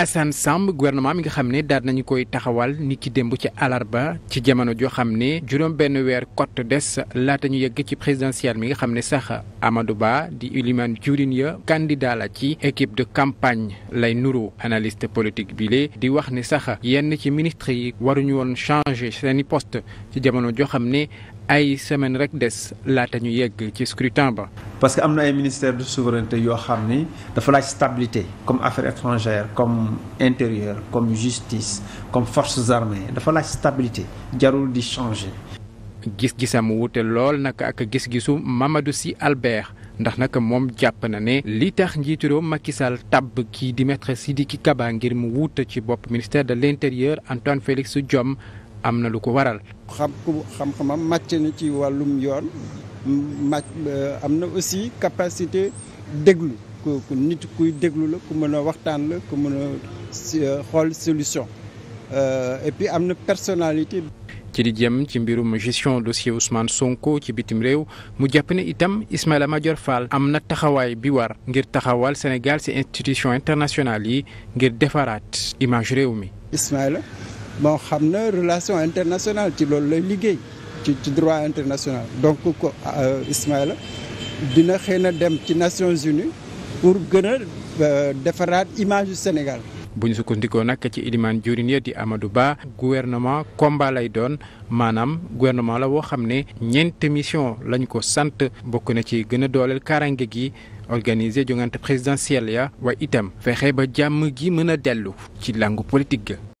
Assane Samb gouvernement mi nga xam ne daal nañu koy taxawal ni ci démb ci alarba ci jamono joo xam ne juróom benn weer kott des laata ñu yegg ci présidentielle mi nga xam ne sax Amadou Ba di uliman jurin ya candidat la ci équipe de campagne lay nuru analyste politique bi lee di wax ne sax yenn ci ministre yi waruñu woon changer seeni post ci jamono joo xam ne ay semaine rek des laata ñu yegg ci scrutin ba. parce que am na ay ministère de souveraineté yoo xam ni dafa laaj stabilité comme affaire étrangères comme intérieur comme justice comme forces armées dafa laaj stabilité jarul di changé gis-gisam wuute lool nag ak gis-gisu Mamadou Sy Albert ndax nag moom jàpp na ne li tax njiitu réew Macky Sall tàbb kii di maître ki Kaba ngir mu wuute ci bopp ministère de l' intérieur Antoine Félix Diome. am na lu ko waral. xam xam-xamam màcc ci wàllum yoon màcc euh, am na aussi capacité déglu ku nit kuy déglu la ku mën a waxtaan la ku mën a euh, xool solution euh, et puis am na personnalité. ci di jëm ci mbirum gestion dossier Ousmane Sonko ci bitim réew mu jàpp ni itam Ismaïla Madior Fall am na taxawaay bi war ngir taxawal Sénégal ci institution internationale yi ngir defaraat image réew mi. Ismaïla moo xam na relation internationale ci loolu lay liggéey ci ci droit international donc ko euh, Ismaïla dina xëy na dem ci Nations Unies pour gën a euh, defaraat image Sénégal. bu ñu sukkandikoo nag ci ilimaan jurin ya di Amadou Ba gouvernement combat lay doon maanaam gouvernement la woo xam ne ñeent mission lañ ko sant bokk na ci gën a dooleel kaaraange gi organiser jongante présidentielle ya waaye itam fexe ba jàmm gi mën a dellu ci làngu politique ga